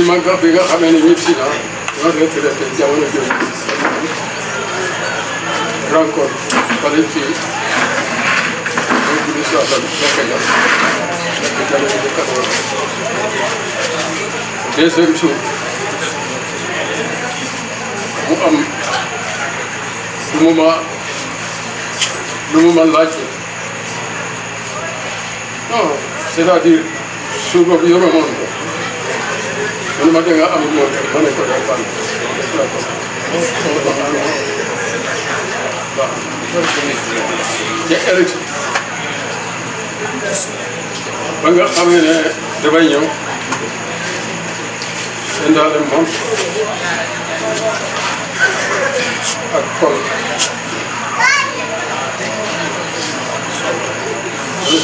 ci màggal bi nga xamee ne ñëpp si daal ñoo retraité jamono jooju rencontre bale fii mooy bu ñu soxla nekk jàll nekk jamono bu quatre-vingt deuxième jour mu am lu mu ma lu mu ma laajte non c'est-à-dire suuf boobu yore moom man ma dangaa amul moo tax ma ne ko daal baax na ca ba nga xam ne dafay ñëw seen moom ak kol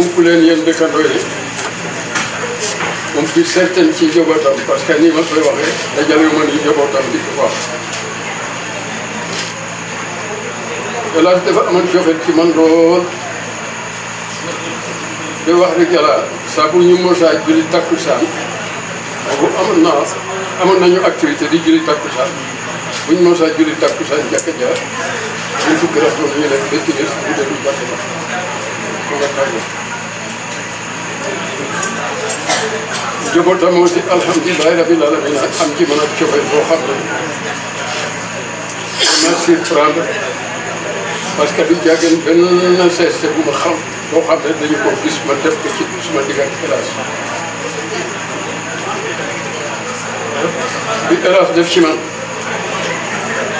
ump leen yéen dëkkandoo yi moom ci certaine ci njabootam parce que ni ma koy waxee dajale ma ni njabootam di ko je Elhadj dafa amoon cofet ci man lool di wax rek yàlla saa bu ñu mosaa julli takkusaan bu amoon naa activité di julli takkusaan bu ñu mosaa julli takkusaan jàkka ja ñu fukki vous vous Cumhurda muzi elhamdülillahi rabbil alemin hamki bana köpeği muhabbe. Nasir Kur'an'da başka bir yagın benimle sesle bu mahal muhabbe de yok. İsme defteki isme diğer biraz. Bir taraf def şimdi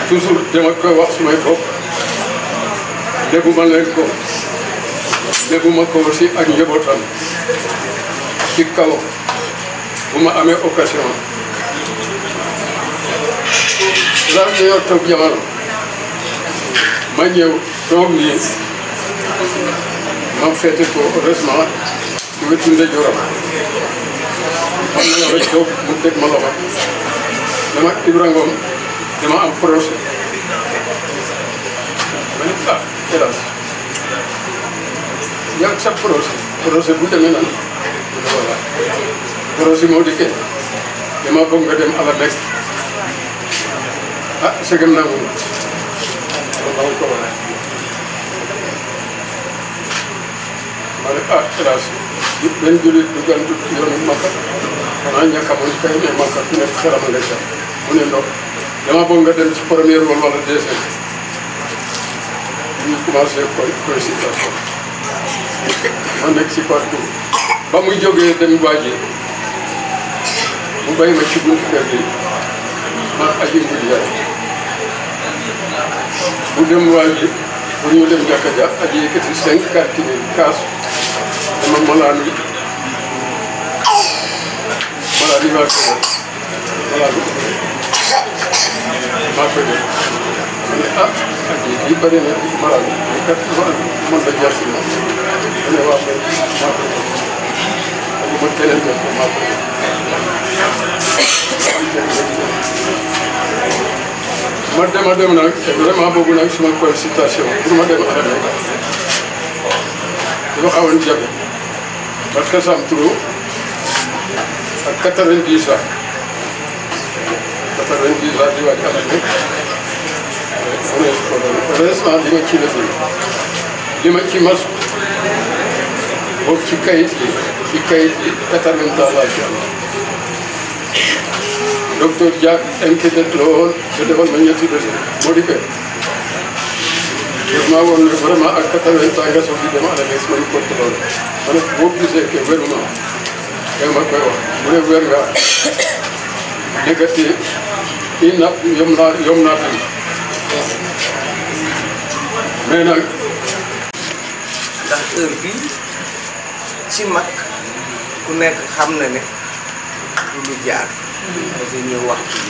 toujours dama koy wax sumay bopp déggu ma leen ko déggu ma ko aussi ak njabootam ci kaw bu ma amee occasion laaj na yow toog jamono ma ñëw toog nii ma féete ko heureusement ci wetu ndeyjooram xam na nga toog mu teg ma am projet ma ne ah hélas yaa sa projet projet bu demee nan Hiroshima ah, di ke dama bëgg nga dem ala nekk ah sëgëm nangu kon ba ko wala ma ne ah hélas yëpp benn julit du gën tudd yoonu makka xanaa ñàkk amoon ci ne makka ku nekk nga ca mu ne ndox dama bëgg nga dem ci wala deuxième ñu commencé koy koy situation ba muy jógee tamit waa ji mu ma ci buntu kër gi man aji bu di bu dem waa ji pour dem jàkka ja aji yëkkati cinq kaas dama malaan yi malaan yi maa ko def malaan yi maa ko ma ne ah aji yi bëri na malaan ma ne waa maa ma dem a dem nag vraiment boobu nag suma consultation pour ma dem a dem nag dafa xawoon jafe parce que Sam Trou ak quatre-vingt-dix quatre vingt di waaj am nag honnêtement li ma ci def li ma ci mas boobu ci kayit yi hikayet Katamintala Jama. Dr. Jack MKD Clone, the development of the Modica. Jama won vraiment à Katamintala sur le demande avec son contrôle. On a beaucoup plus que vraiment. Et ma foi, vous le verrez. Négatif, il n'a pas yomna. Mais nag ndax heure bii ci mag ku nekk xam na ne du lu jaar parce que ñu wax ci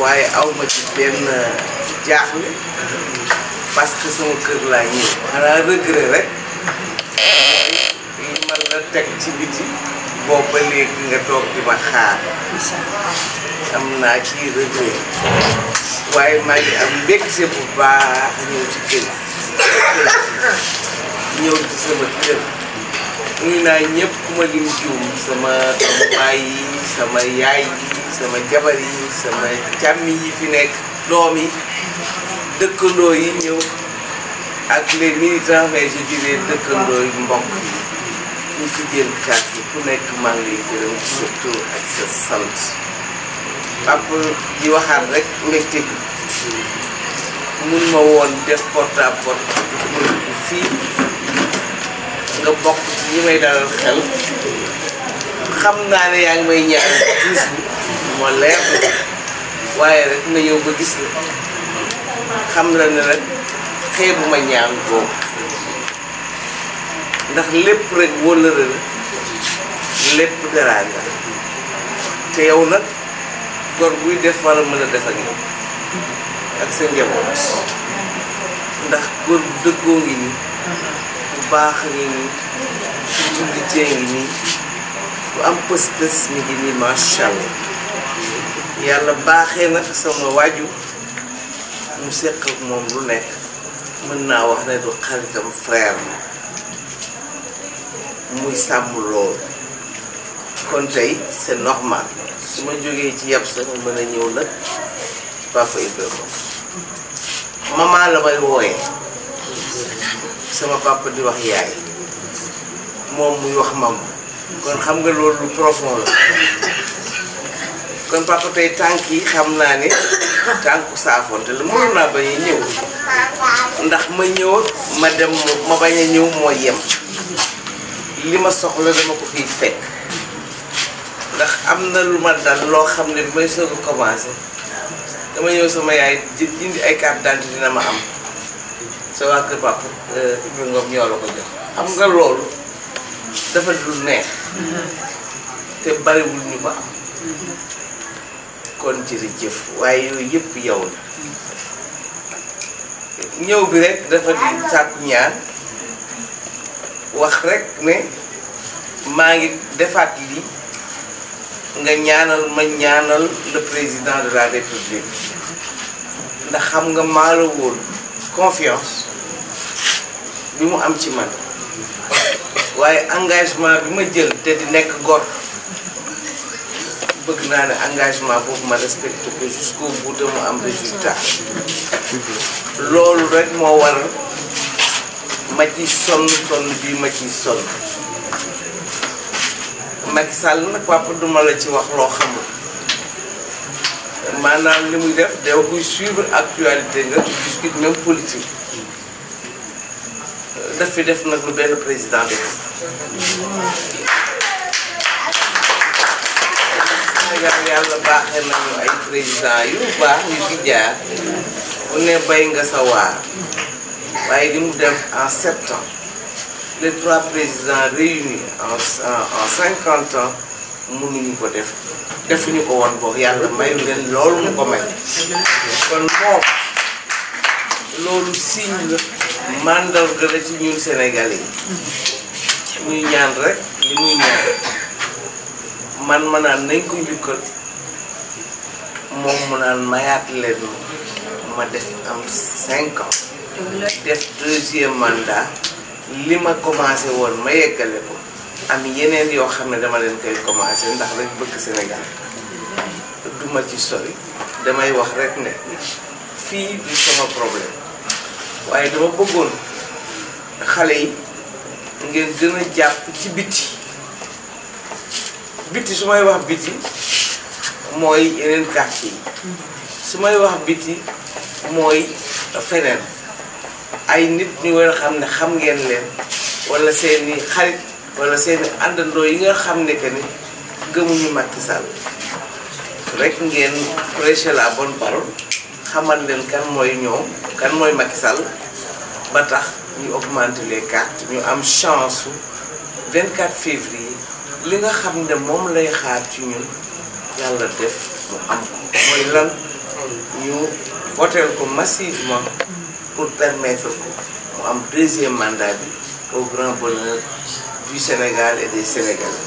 waaye awma ci benn jaaxle parce que sama kër laa ñëw xanaa regret rek li ma la teg ci biti boobu léegi nga toog di xaar am naa ci regret waaye maa ngi am mbégte bu baax ñëw ci kër ñëw ci sama kër nuyu naa ñëpp ku ma lim jiw sama sama baay yi sama yaay yi sama jabar yi sama càmm yi fi nekk doom yi dëkkandoo yi ñëw ak les militants mais je dirais dëkkandoo yi mbokk yi ñu fi jël carte yi ku nekk maa ngi lay mun ma woon def porte à porte fii nga bokk ci ñi may dalal xel xam naa ne yaa ngi may ñaan gis bi moo leer waaye rek nga ñëw ba gis la xam la ne rek xeebu ma ñaan boobu ndax lépp rek wóllëre la lépp daraanga te yow nag gor buy def war a mën a def ak yow ndax góor dëggoo ngi nii Bahrain jullite ngi bu am pës pës mi ngi nii allah yàlla baaxee nag sama waaju mu seq ak moom lu nekk mën naa wax ne du xaritam frère la muy sàmm lool kon tey c'est normal su ma ci yab sama mën ñëw nag papa Ibrahima maman la may wooyee. sama papa di wax yaay moom muy wax mam kon xam nga loolu lu profond kon papa tey tànk yi xam naa ni ne tànku saafonte la mënoon naa bañ a ñëw ndax ma ñëw ma dem ma bañ a ñëw moo yem li ma soxla dama ko fiy fekk ndax am na lu ma dal loo xam ne bi may soog a dama ñëw sama yaay indi ay carte d'identité dina ma am sa waa kër papa eh, Ibra ñoo la ko jox xam nga loolu dafa lu neex te bariwul ñu ko am kon jërëjëf waaye yooyu yëpp yow la ñëw bi rek dafa di sàkku ñaan wax rek ne maa ngi defaat lii nga ñaanal ma ñaanal le président de la république ndax xam nga maa la woon confiance bi mu am ci man waye engagement bi ma jël té di nek gor bëgg na ne engagement boobu ma respecté ko jusqu'au bout de mu am résultat loolu rek mo war ma ci sonn sonn bi ma ci sonn Macky Sall nag papa duma la ci wax lo xam manam limuy def da koy suivre actualité nga discute même politique daf fi def nag lu benn président def Sénégal yàlla baaxee nañu ay baax yu fi jaar mu ne bay nga sa waar waaye li mu def en sept ans les trois présidents réunis en en cinquante ans mënuñu ko def defuñu ko won boog yàlla mayu leen loolu mu ko may kon moom loolu signe la mandarga la ci ñun Sénégalais yi. muy ñaan rek li muy ñaan man ma naan nañ ko njukkal moom mu naan mayaat leen ma def am cinq ans. def deuxième mandat li ma commencé woon ma yeggale ko. am yeneen yoo xam ne dama leen koy commencé ndax lañ bëgg Sénégal duma ci sori damay wax rek ne fii bi sama problème. waaye dama bëggoon xale yi ngeen gën a jàpp ci biti biti su may wax biti mooy yeneen quartier yi su may wax biti mooy feneen ay nit ñu war a xam ne xam ngeen leen wala seeni xarit walla seeni àndandoo yi nga xam ne que ni gëmuñu Macky Sall rek ngeen prêcher la bonne parole xamal leen kan mooy ñoom kan mooy Macky ba tax ñu augmenter les cartes ñu am chance 24 février li nga xam ne moom lay xaar ci ñun yàlla def mu am mooy lan ñu voter ko massivement pour permettre ko mu am deuxième mandat bi au grand bonheur du Sénégal et des Sénégalais.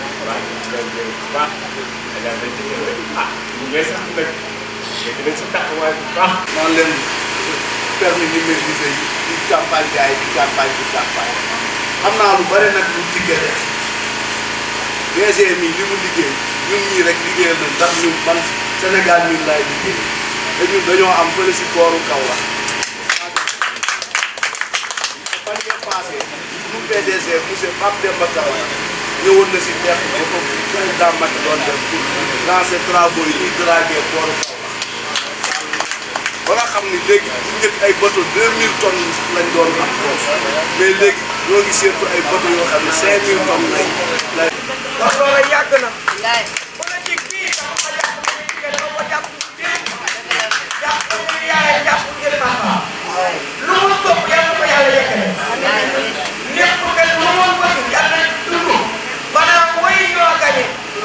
noonu leen permis ñu maîtrisé yi di campagne gaay di campagne di campagne xam naa lu bare nag lu digge def DG mi li mu liggéey ñun ñii rek liggéeyal na ndax ñun man dañoo am fële si kooru kaw la fan ngeen passé nous PDG monsieur Pape Demba Je na si teex bi ko président Macky doon def lancer travaux yi ñuy draguer booru ba ay bateau 2000 tonnes lañ doon am foofu mais léegi ay bateau 5000 tonnes lay lay. ndax loolu yàgg na. politique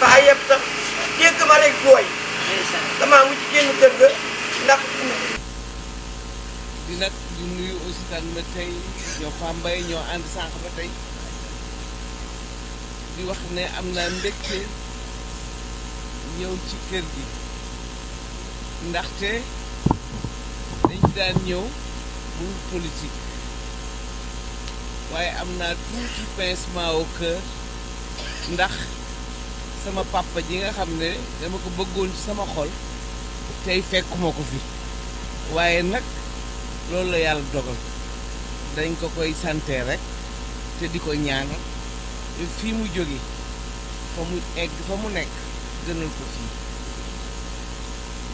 ba ay di nag di nuyu aussi tamit tey ñoo Fambaye ñoo ànd sànq tey di wax ne am na mbégte ñëw ci kër gi ndaxte dañ ci daan ñëw pour politique waaye am naa tuuti pincement au cœur ndax. sama papa ji nga xam ne dama ko bëggoon ci sama xol tey fekkuma ko fi waaye nag loolu la yàlla dogal dañ ko koy sante rek te di ko ñaanal fi mu jóge fa mu egg fa mu nekk gënal ko fii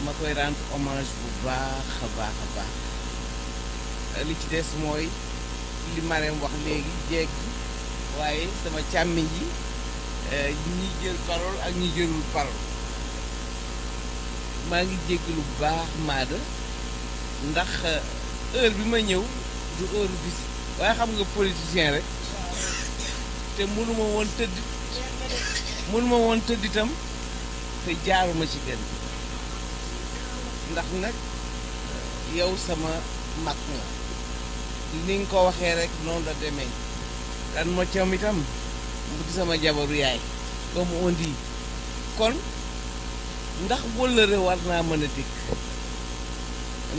ma koy rendre hommage bu baax a baax a li ci des mooy li ma wax léegi jéggi waaye sama càmmiñ yi Eh, ñi jël parole ak ñi jëlul parole maa ngi jéggalu bu baax maada ndax eh, heure bi ma ñëw du heure bis waaye xam nga politicien rek te mënuma woon tëdd mënuma woon tëdd itam te jaaruma ci benn ndax nag eh, yow sama mag nga ni nga ko waxee rek noonu la demee dan ma cam itam bëgg sama jabaru yaay comme on kon ndax wëllëre war naa mën a dikk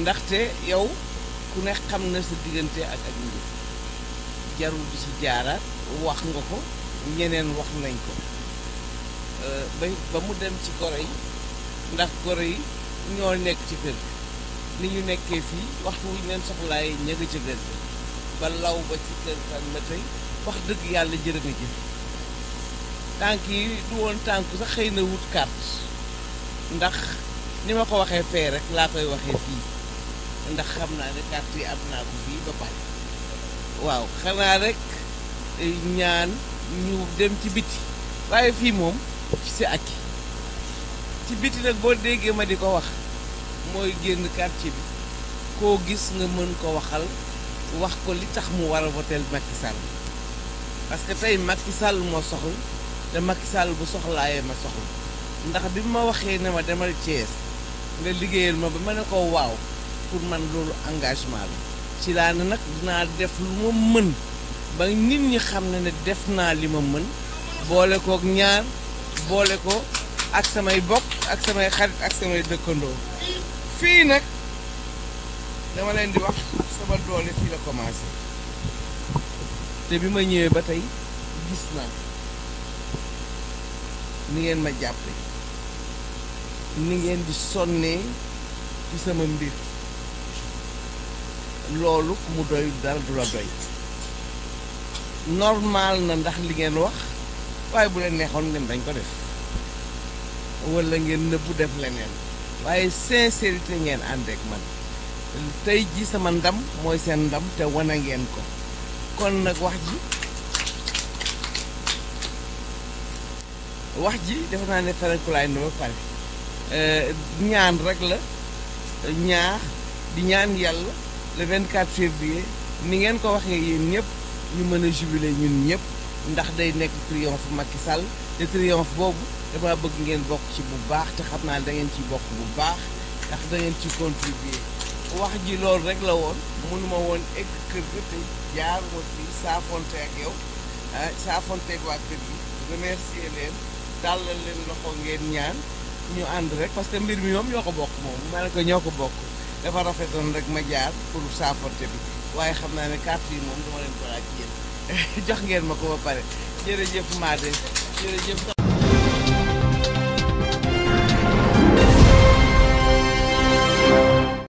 ndaxte yow ku ne xam na sa diggante ak ak njëkk jarul bi jaaraat wax nga ko ñeneen wax nañ ko euh, ba ba mu dem ci goro yi ndax goro yi ñoo nekk ci kër ni ñu nekkee fii waxtu wu leen soxlaay ña nga ca kër ba law ba ci kër ma tey wax dëgg yàlla jërë nga tànk yi du woon tànk sax xëy na wut carte ndax ni ma ko waxee fee rek laa koy waxee fii ndax xam naa ne carte yi am naa ko fii ba pare waaw xanaa rek eh, ñaan ñu dem ci biti waaye fii moom si acquis ci biti nag boo déggee ma di ko wax mooy génn quartier bi koo gis nga mën ko waxal wax ko li tax mu war a voter Macky Sall parce que tey Macky Sall moo soxla te Macky Sall bu soxlaayee ma soxla ndax bi ma waxee ne ma demal Thiès nga liggéeyal ma ba ma ne ko waaw pour man loolu engagement la ci laa ne nag dinaa def lu ma mën ba nit ñi xam ne ne def naa li ma mën boole kook ñaar boole ko ak samay bokk ak samay xarit ak samay dëkkandoo fii nag dama leen di wax sama doole fii la commencé te bi ma ñëwee ba tey gis naa ni ngeen ma jàppe ni ngeen di sonnee ci sama mbir loolu mu doy dara du la doy normal na ndax li ngeen wax waaye bu leen neexoon ngeen dañ ko def walla ngeen nëbbu def leneen waaye sincérité ngeen ànd ak man tey ji sama ndam mooy seen ndam te wane ngeen ko kon nag wax ji wax ji defe naa ne feneen ku laay ba euh, ñaan rek la ñaax di ñaan yàlla le 24 février ni ngeen ko waxee yéen ñëpp ñu mën a jubilé ñun ñëpp ndax day nekk mag Macky Sall te triomphe boobu dama bëgg ngeen bokk ci bu baax te xam naa da ngeen ci bokk bu baax ndax da ngeen ci contribuer wax ji loolu rek la woon mënuma woon egg kër ga te jaaruma fii saafonte ak yow ah saafonte ak waa kër leen daal la leen loxo ngeen ñaan ñu ànd rek parce que mbir mi moom ñoo ko bokk moom ma ne ko ñoo ko bokk dafa rafetoon rek ma jaar pour saafonte bi waaye xam naa ne carte yi moom dama leen ko laaj yéen jox ngeen ma ko ba pare jërëjëf Madé jërëjëf